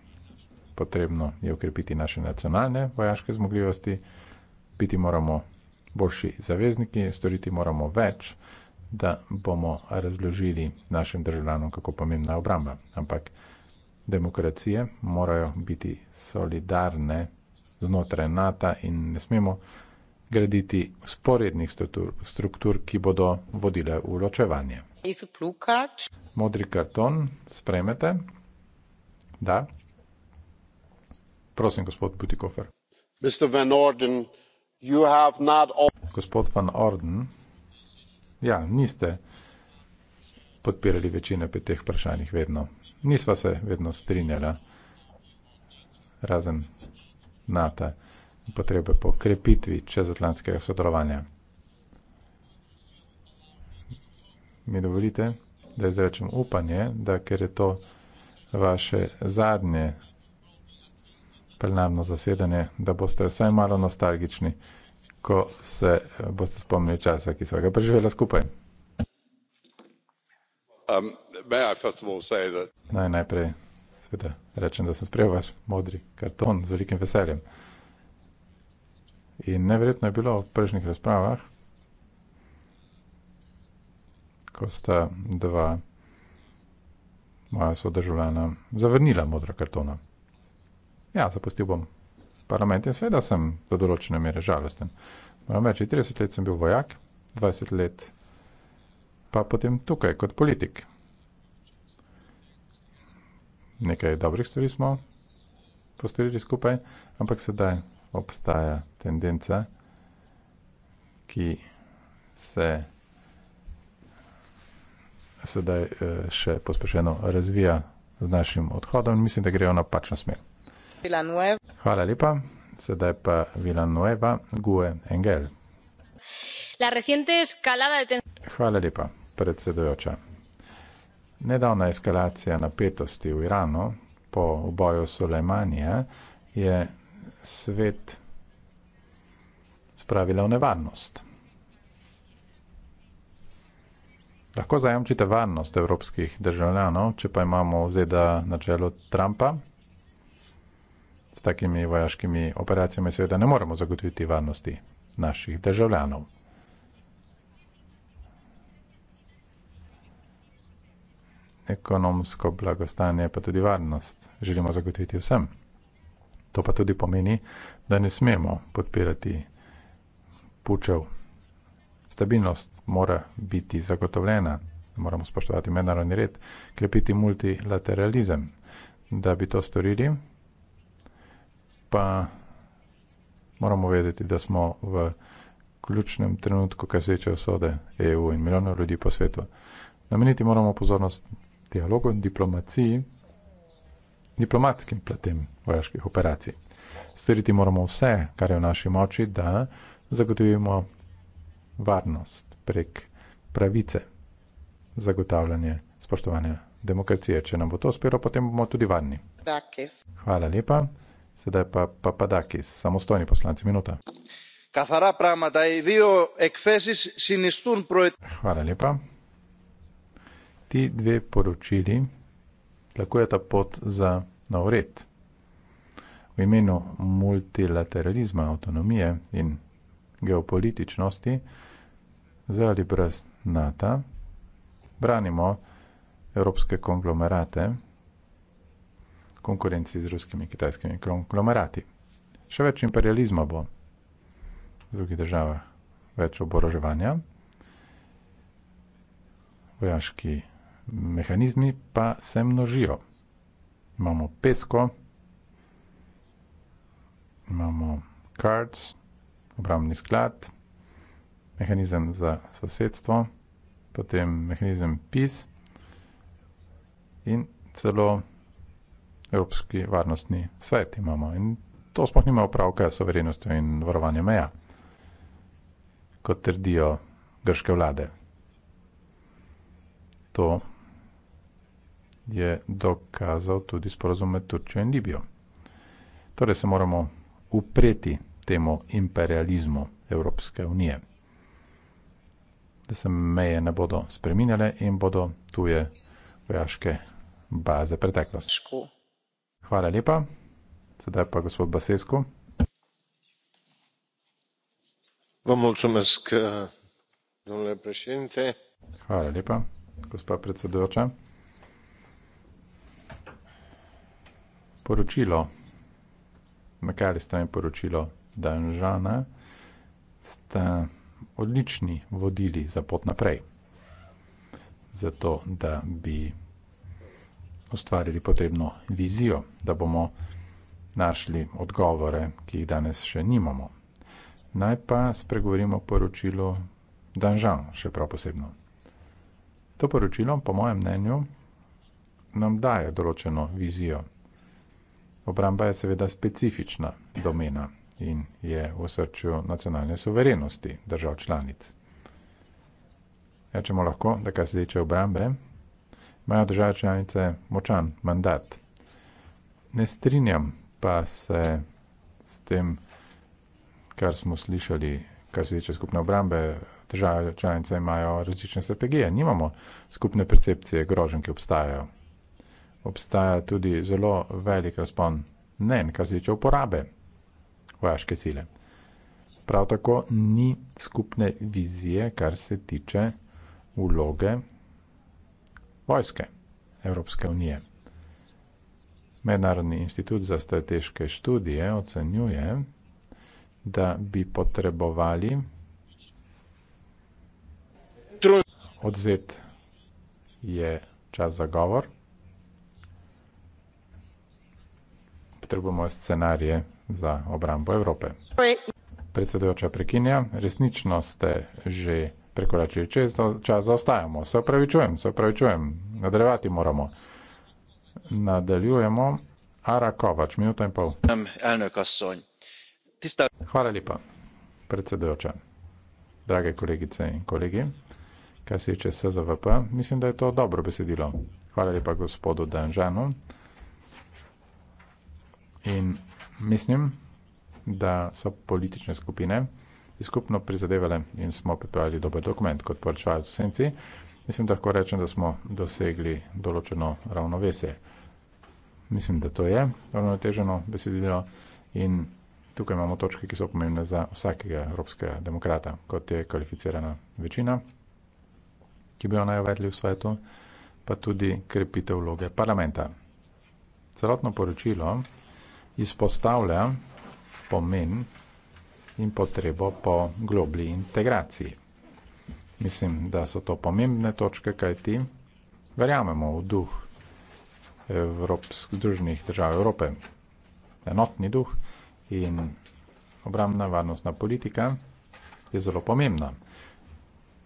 Potrebno je ukrepiti naše nacionalne vojaške zmogljivosti, biti moramo boljši zavezniki, storiti moramo več, da bomo razložili našim državljanom, kako pomembna je obramba. Ampak demokracije morajo biti solidarne znotraj NATO in ne smemo graditi sporednih struktur, struktur ki bodo vodile v ločevanje. Modri karton spremete? Da. Prosim, gospod Butikofer. Van Orden, you have not all... Gospod Van Orden, ja, niste podpirali večine pri teh vprašanjih vedno nisva se vedno strinjala, razen NATO in potrebe po krepitvi čezatlantskega sodelovanja. Mi dovolite, da izrečem upanje, da ker je to vaše zadnje plenarno zasedanje, da boste vsaj malo nostalgični, ko se boste spomnili časa, ki so ga preživela skupaj. Um, Naj najprej sveda, rečem, da sem sprejel vaš modri karton z velikim veseljem. In neverjetno je bilo v prejšnjih razpravah, ko sta dva moja sodržavljana zavrnila modro kartono. Ja, zapustil bom parlament in sveda sem do določene mere žalosten. Moram reči, 30 let sem bil vojak, 20 let pa potem tukaj kot politik nekaj dobrih stvari smo postorili skupaj, ampak sedaj obstaja tendenca, ki se sedaj eh, še pospešeno razvija z našim odhodom in mislim, da grejo na pačno smer. Hvala lepa. Sedaj pa Villanueva, Gue Engel. La reciente escalada de tensión. Hvala lepa, predsedujoča. Nedavna eskalacija napetosti v Iranu po uboju Sulejmanija je svet spravila v nevarnost. Lahko zajamčite varnost evropskih državljanov, če pa imamo vzeda na čelu Trumpa. S takimi vojaškimi operacijami seveda ne moremo zagotoviti varnosti naših državljanov. ekonomsko blagostanje, pa tudi varnost želimo zagotoviti vsem. To pa tudi pomeni, da ne smemo podpirati pučev. Stabilnost mora biti zagotovljena, moramo spoštovati mednarodni red, krepiti multilateralizem. Da bi to storili, pa moramo vedeti, da smo v ključnem trenutku, kar se tiče usode EU in milijonov ljudi po svetu. Nameniti moramo pozornost dialogu, diplomaciji, diplomatskim platem vojaških operacij. Storiti moramo vse, kar je v naši moči, da zagotovimo varnost prek pravice zagotavljanje spoštovanja demokracije. Če nam bo to uspelo, potem bomo tudi varni. Dakis. Hvala lepa. Sedaj pa Papadakis, samostojni poslanci, minuta. Kafara prama, da je dio ekcesis sinistun proet. Hvala lepa ti dve poročili lahko je ta pot za nov red. V imenu multilateralizma, avtonomije in geopolitičnosti, za ali brez NATO, branimo evropske konglomerate, konkurenci z ruskimi in kitajskimi konglomerati. Še več imperializma bo v drugih državah, več oboroževanja, vojaški mehanizmi pa se množijo. Imamo pesko, imamo cards, obramni sklad, mehanizem za sosedstvo, potem mehanizem PIS in celo Evropski varnostni svet imamo. In to sploh nima opravka s soverenostjo in varovanjem meja, kot trdijo grške vlade. To je dokazal tudi sporozum med Turčijo in Libijo. Torej se moramo upreti temu imperializmu Evropske unije, da se meje ne bodo spreminjale in bodo tuje vojaške baze preteklosti. Hvala lepa. Sedaj pa gospod Basesko. Hvala lepa, gospod predsedujoča. poročilo, McAllisterjevo poročilo Danžana, sta odlični vodili za pot naprej, zato da bi ustvarili potrebno vizijo, da bomo našli odgovore, ki jih danes še nimamo. Naj pa spregovorimo poročilo Danžan, še prav posebno. To poročilo, po mojem mnenju, nam daje določeno vizijo. Obramba je seveda specifična domena in je v srčju nacionalne suverenosti držav članic. Rečemo lahko, da kar se tiče obrambe, imajo države članice močan mandat. Ne strinjam pa se s tem, kar smo slišali, kar se tiče skupne obrambe. Države članice imajo različne strategije, nimamo skupne percepcije grožen, ki obstajajo obstaja tudi zelo velik razpon mnen, kar se tiče uporabe vojaške sile. Prav tako ni skupne vizije, kar se tiče uloge vojske Evropske unije. Mednarodni institut za strateške študije ocenjuje, da bi potrebovali odzet je čas za govor. potrebujemo scenarije za obrambo Evrope. Predsedujoča prekinja, resnično ste že prekoračili čas, zaostajamo. Se opravičujem, se opravičujem, nadaljevati moramo. Nadaljujemo. Ara Kovač, minuta in pol. Hvala lepa, predsedujoča. Drage kolegice in kolegi, kar se tiče SZVP, mislim, da je to dobro besedilo. Hvala lepa gospodu Danžanu. In mislim, da so politične skupine skupno prizadevale in smo pripravili dober dokument kot poročajo v senci. Mislim, da lahko rečem, da smo dosegli določeno ravnovesje. Mislim, da to je ravnoteženo besedilo in tukaj imamo točke, ki so pomembne za vsakega evropskega demokrata, kot je kvalificirana večina, ki bi jo najavedli v svetu, pa tudi krepitev vloge parlamenta. Celotno poročilo izpostavlja pomen in potrebo po globlji integraciji. Mislim, da so to pomembne točke, kaj ti verjamemo v duh družnih držav Evrope. Enotni duh in obramna varnostna politika je zelo pomembna.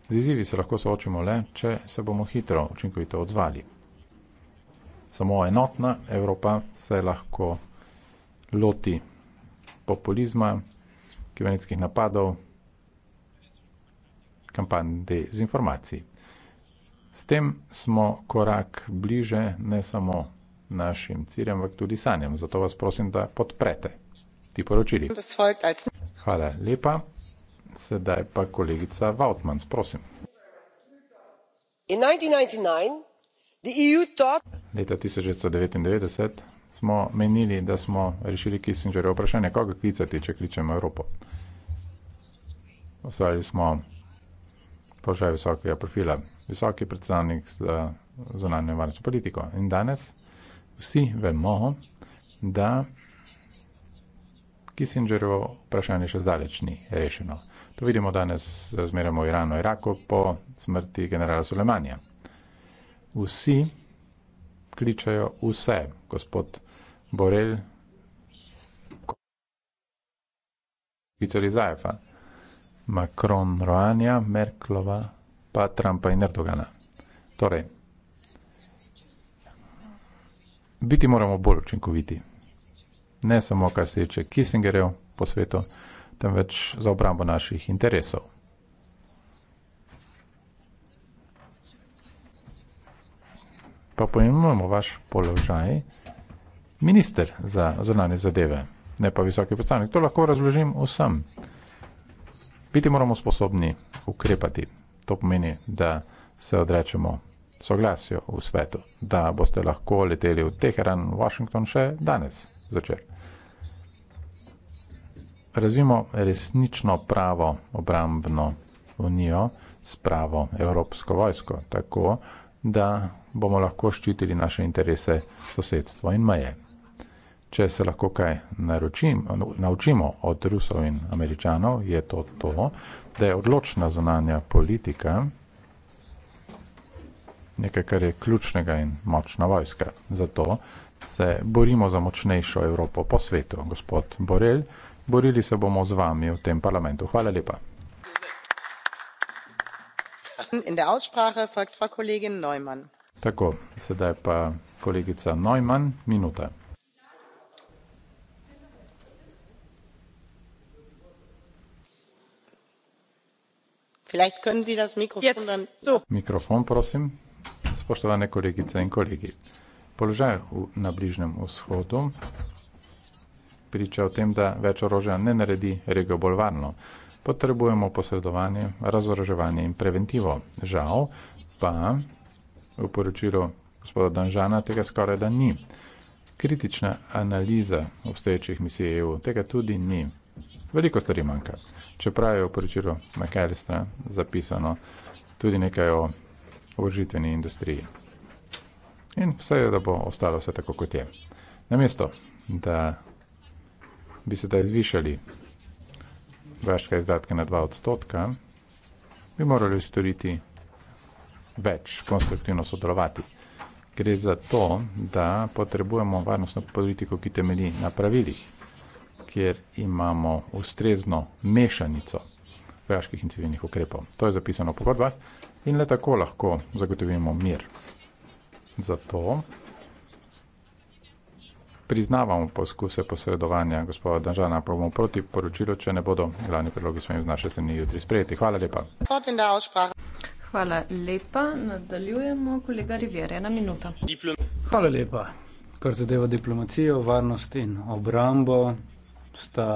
Z izzivi se lahko soočimo le, če se bomo hitro učinkovito odzvali. Samo enotna Evropa se lahko loti populizma, kibernetskih napadov, kampanj dezinformacij. S tem smo korak bliže ne samo našim ciljem, ampak tudi sanjam. Zato vas prosim, da podprete ti poročili. Hvala lepa. Sedaj pa kolegica Vautmans, prosim. E Leta 1999 smo menili, da smo rešili Kissingerje vprašanje, koga klicati, če kličemo Evropo. Ostvarili smo položaj visokega profila, visoki predstavnik za zunanje varnostno politiko. In danes vsi vemo, da Kissingerjevo vprašanje še zdaleč ni rešeno. To vidimo danes z razmerom v Iranu in Iraku po smrti generala Sulemanja. Vsi kličajo vse. Gospod Borel, Vitor Izajefa, Macron, Roanja, Merklova, pa Trumpa in Erdogana. Torej, biti moramo bolj učinkoviti. Ne samo, kar se tiče Kissingerjev po svetu, temveč za obrambo naših interesov. pa pojmenujemo vaš položaj minister za zornane zadeve, ne pa visoki predstavnik. To lahko razložim vsem. Biti moramo sposobni ukrepati. To pomeni, da se odrečemo soglasju v svetu, da boste lahko leteli v Teheran, v Washington še danes začer. Razvimo resnično pravo obrambno unijo s pravo evropsko vojsko, tako, da bomo lahko ščitili naše interese, sosedstvo in meje. Če se lahko kaj naročim, naučimo od Rusov in Američanov, je to to, da je odločna zunanja politika nekaj, kar je ključnega in močna vojska. Zato se borimo za močnejšo Evropo po svetu, gospod Borel. Borili se bomo z vami v tem parlamentu. Hvala lepa. Tako, sedaj pa kolegica Neumann, minuta. Mikrofon, prosim. Spoštovane kolegice in kolegi. Položaj v, na Bližnjem vzhodu priča o tem, da več orožja ne naredi regijo bolj varno potrebujemo posredovanje, razoroževanje in preventivo. Žal pa v poročilu gospoda Danžana tega skoraj da ni. Kritična analiza obstoječih misij EU tega tudi ni. Veliko stvari manjka. Čeprav je v poročilu McAllistera zapisano tudi nekaj o vržitveni industriji. In vse je, da bo ostalo vse tako, kot je. Namesto, da bi se da izvišali vaške izdatke na 2 odstotka, bi morali storiti več, konstruktivno sodelovati. Gre za to, da potrebujemo varnostno politiko, ki temelji na pravilih, kjer imamo ustrezno mešanico vojaških in civilnih ukrepov. To je zapisano v pogodbah in le tako lahko zagotovimo mir. Zato priznavamo poskuse posredovanja gospoda Danžana, pa bomo proti poročilu, če ne bodo glavni predlogi s vami z naše strani jutri sprejeti. Hvala lepa. Hvala lepa. Nadaljujemo, kolega Rivier, ena minuta. Hvala lepa. Kar zadeva diplomacijo, varnost in obrambo, sta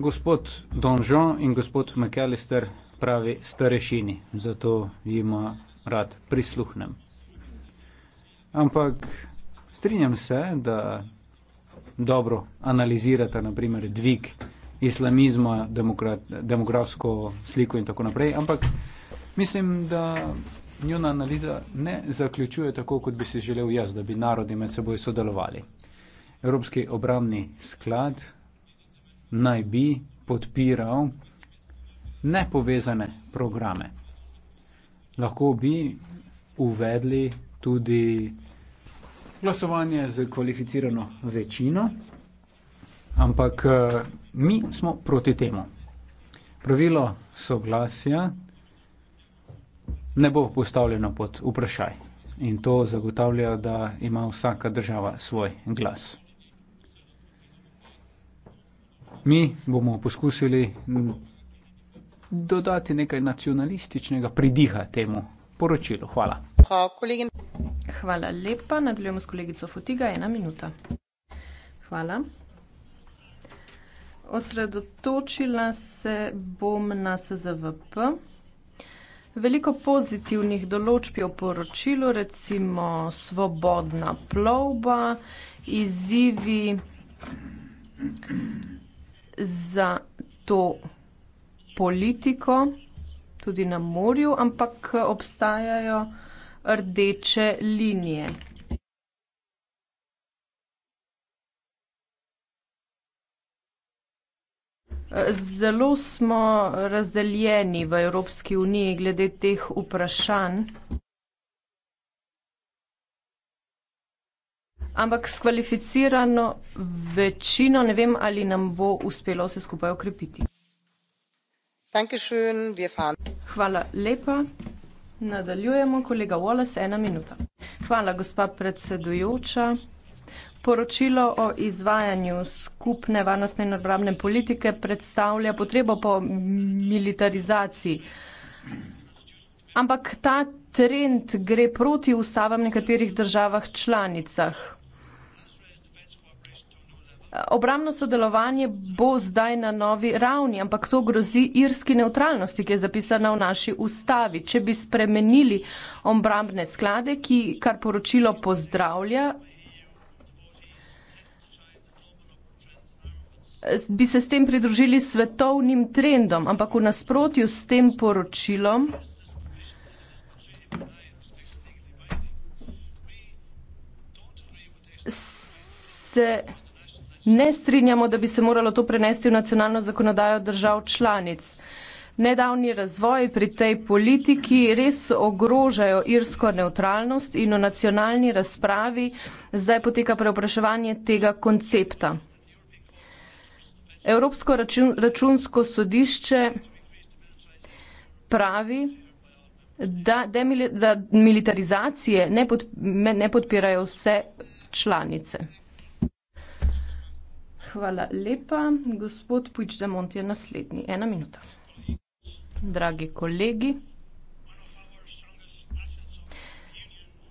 gospod Donžon in gospod McAllister pravi starešini, zato jima rad prisluhnem. Ampak Strinjam se, da dobro analizirate, naprimer, dvig islamizma, demografsko sliko in tako naprej, ampak mislim, da njuna analiza ne zaključuje tako, kot bi si želel jaz, da bi narodi med seboj sodelovali. Evropski obramni sklad naj bi podpiral nepovezane programe. Lahko bi uvedli tudi glasovanje z kvalificirano večino, ampak eh, mi smo proti temu. Pravilo soglasja ne bo postavljeno pod vprašaj in to zagotavlja, da ima vsaka država svoj glas. Mi bomo poskusili dodati nekaj nacionalističnega pridiha temu poročilu. Hvala. Pa, kolegin. Hvala lepa. Nadaljujemo s kolegico Fotiga. Ena minuta. Hvala. Osredotočila se bom na SZVP. Veliko pozitivnih določb je v poročilu, recimo svobodna plovba, izzivi za to politiko, tudi na morju, ampak obstajajo rdeče linije. Zelo smo razdeljeni v Evropski uniji glede teh vprašanj. Ampak s kvalificirano večino ne vem, ali nam bo uspelo vse skupaj okrepiti. Hvala lepa. Nadaljujemo, kolega Wallace, ena minuta. Hvala, gospa predsedujoča. Poročilo o izvajanju skupne varnostne in obrambne politike predstavlja potrebo po militarizaciji. Ampak ta trend gre proti ustavam nekaterih državah članicah obramno sodelovanje bo zdaj na novi ravni, ampak to grozi irski neutralnosti, ki je zapisana v naši ustavi. Če bi spremenili obrambne sklade, ki kar poročilo pozdravlja, bi se s tem pridružili svetovnim trendom, ampak v nasprotju s tem poročilom. Se ne strinjamo, da bi se moralo to prenesti v nacionalno zakonodajo držav članic. Nedavni razvoj pri tej politiki res ogrožajo irsko neutralnost in v nacionalni razpravi zdaj poteka preopraševanje tega koncepta. Evropsko račun, računsko sodišče pravi, da, demili, da militarizacije ne, pod, ne podpirajo vse članice hvala lepa. Gospod Pujč Damont je naslednji. Ena minuta. Dragi kolegi,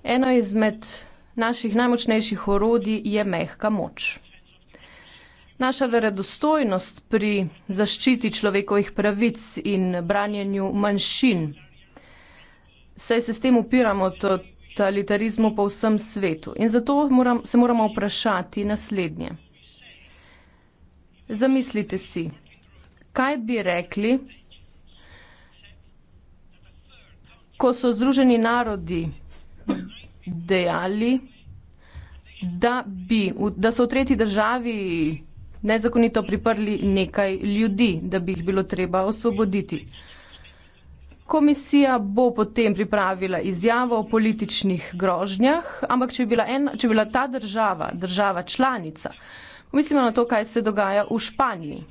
eno izmed naših najmočnejših orodij je mehka moč. Naša veredostojnost pri zaščiti človekovih pravic in branjenju manjšin, saj se s tem upiramo totalitarizmu po vsem svetu. In zato moram, se moramo vprašati naslednje. Zamislite si, kaj bi rekli, ko so Združeni narodi dejali, da, bi, da so v tretji državi nezakonito priprli nekaj ljudi, da bi jih bilo treba osvoboditi. Komisija bo potem pripravila izjavo o političnih grožnjah, ampak če bi bila, ena, če bila ta država, država članica, Mislimo na to, kaj se dogaja v Španiji.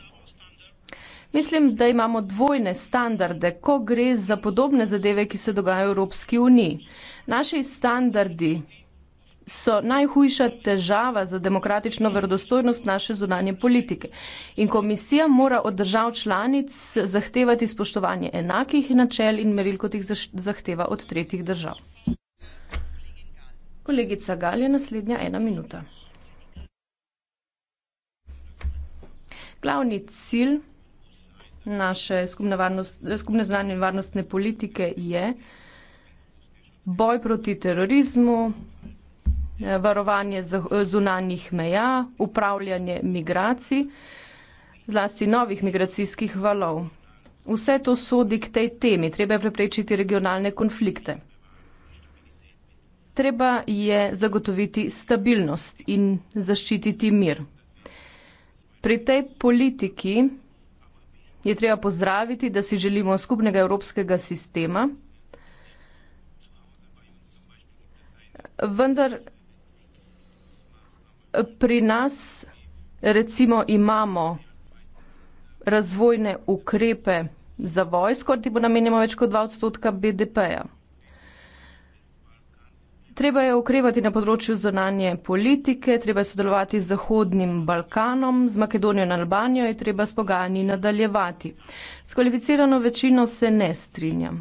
Mislim, da imamo dvojne standarde, ko gre za podobne zadeve, ki se dogajajo v Evropski uniji. Naši standardi so najhujša težava za demokratično verodostojnost naše zunanje politike. In komisija mora od držav članic zahtevati spoštovanje enakih načel in meril, kot jih zahteva od tretjih držav. Kolegica Gal je naslednja ena minuta. glavni cilj naše skupne, varnost, skupne znanje in varnostne politike je boj proti terorizmu, varovanje zunanjih meja, upravljanje migracij, zlasti novih migracijskih valov. Vse to sodi k tej temi, treba je preprečiti regionalne konflikte. Treba je zagotoviti stabilnost in zaščititi mir. Pri tej politiki je treba pozdraviti, da si želimo skupnega evropskega sistema, vendar pri nas recimo imamo razvojne ukrepe za vojsko, ti bo namenjamo več kot 2 odstotka BDP-ja. Treba je ukrevati na področju zonanje politike, treba je sodelovati z Zahodnim Balkanom, z Makedonijo in Albanijo je treba s pogajanji nadaljevati. S kvalificirano večino se ne strinjam.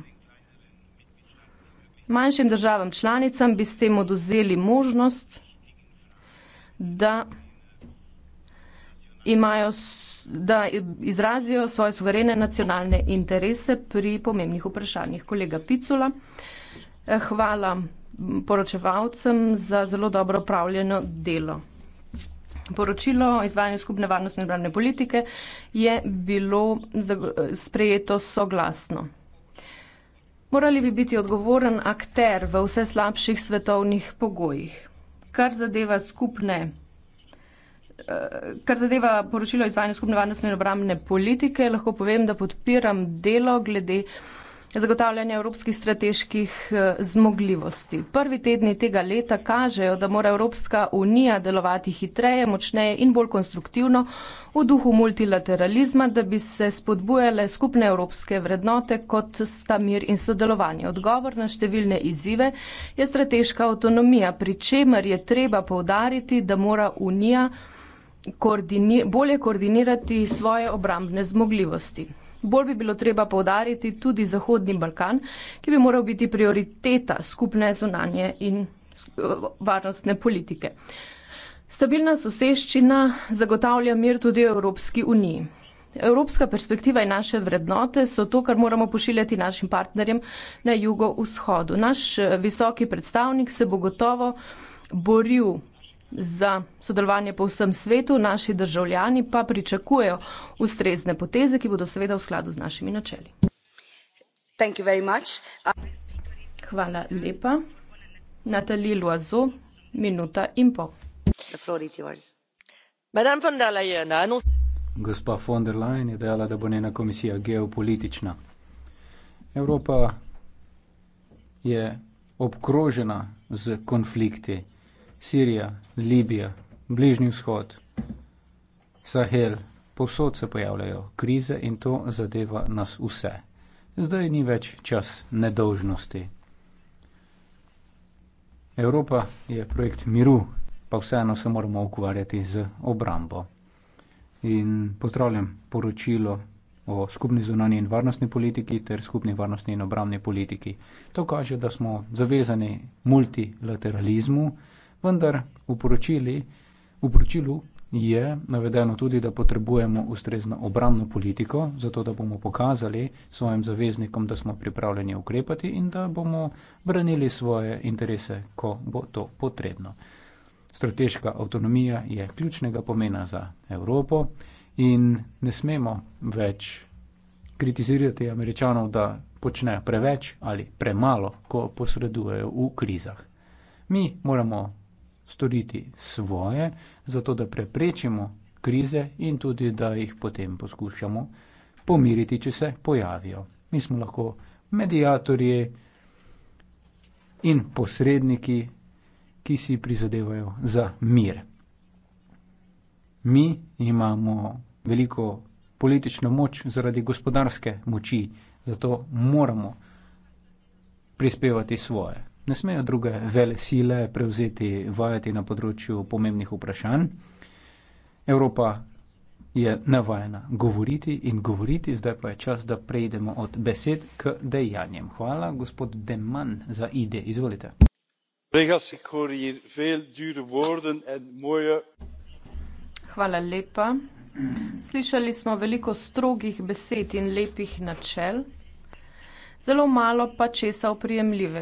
Manjšim državam članicam bi s tem oduzeli možnost, da, imajo, da izrazijo svoje suverene nacionalne interese pri pomembnih vprašanjih. Kolega Picula, eh, hvala poročevalcem za zelo dobro upravljeno delo. Poročilo o izvajanju skupne varnostne in obrambne politike je bilo sprejeto soglasno. Morali bi biti odgovoren akter v vse slabših svetovnih pogojih. Kar zadeva skupne eh, Kar zadeva poročilo o izvajanju skupne varnostne in obrambne politike, lahko povem, da podpiram delo glede zagotavljanja evropskih strateških eh, zmogljivosti. Prvi tedni tega leta kažejo, da mora Evropska unija delovati hitreje, močneje in bolj konstruktivno v duhu multilateralizma, da bi se spodbujale skupne evropske vrednote kot sta mir in sodelovanje. Odgovor na številne izzive je strateška avtonomija, pri čemer je treba povdariti, da mora unija koordini bolje koordinirati svoje obrambne zmogljivosti. Bolj bi bilo treba povdariti tudi Zahodni Balkan, ki bi moral biti prioriteta skupne zunanje in eh, varnostne politike. Stabilna soseščina zagotavlja mir tudi Evropski uniji. Evropska perspektiva in naše vrednote so to, kar moramo pošiljati našim partnerjem na jugo-vzhodu. Naš eh, visoki predstavnik se bo gotovo boril za sodelovanje po vsem svetu, naši državljani pa pričakujejo ustrezne poteze, ki bodo seveda v skladu z našimi načeli. Hvala lepa. Nathalie Loiseau, minuta in pol. Gospa von der Leyen je dejala, da bo njena komisija geopolitična. Evropa je obkrožena s konflikti. Sirija, Libija, Bližnji vzhod, Sahel, povsod se pojavljajo krize in to zadeva nas vse. Zdaj ni več čas nedolžnosti. Evropa je projekt miru, pa vseeno se moramo ukvarjati z obrambo. In pozdravljam poročilo o skupni zunanji in varnostni politiki ter skupni varnostni in obramni politiki. To kaže, da smo zavezani multilateralizmu vendar v, poročili, v poročilu je navedeno tudi, da potrebujemo ustrezno obramno politiko, zato da bomo pokazali svojim zaveznikom, da smo pripravljeni ukrepati in da bomo branili svoje interese, ko bo to potrebno. Strateška avtonomija je ključnega pomena za Evropo in ne smemo več kritizirati američanov, da počnejo preveč ali premalo, ko posredujejo v krizah. Mi moramo storiti svoje zato da preprečimo krize in tudi da jih potem poskušamo pomiriti če se pojavijo mi smo lahko medijatorji in posredniki ki si prizadevajo za mir mi imamo veliko politično moč zaradi gospodarske moči zato moramo prispevati svoje Ne smejo druge vele sile prevzeti vajeti na področju pomembnih vprašanj. Evropa je navajena govoriti in govoriti, zdaj pa je čas, da prejdemo od besed k dejanjem. Hvala, gospod Deman, za ide. Izvolite. Hvala lepa. Slišali smo veliko strogih besed in lepih načel, zelo malo pa česa oprijemljivega.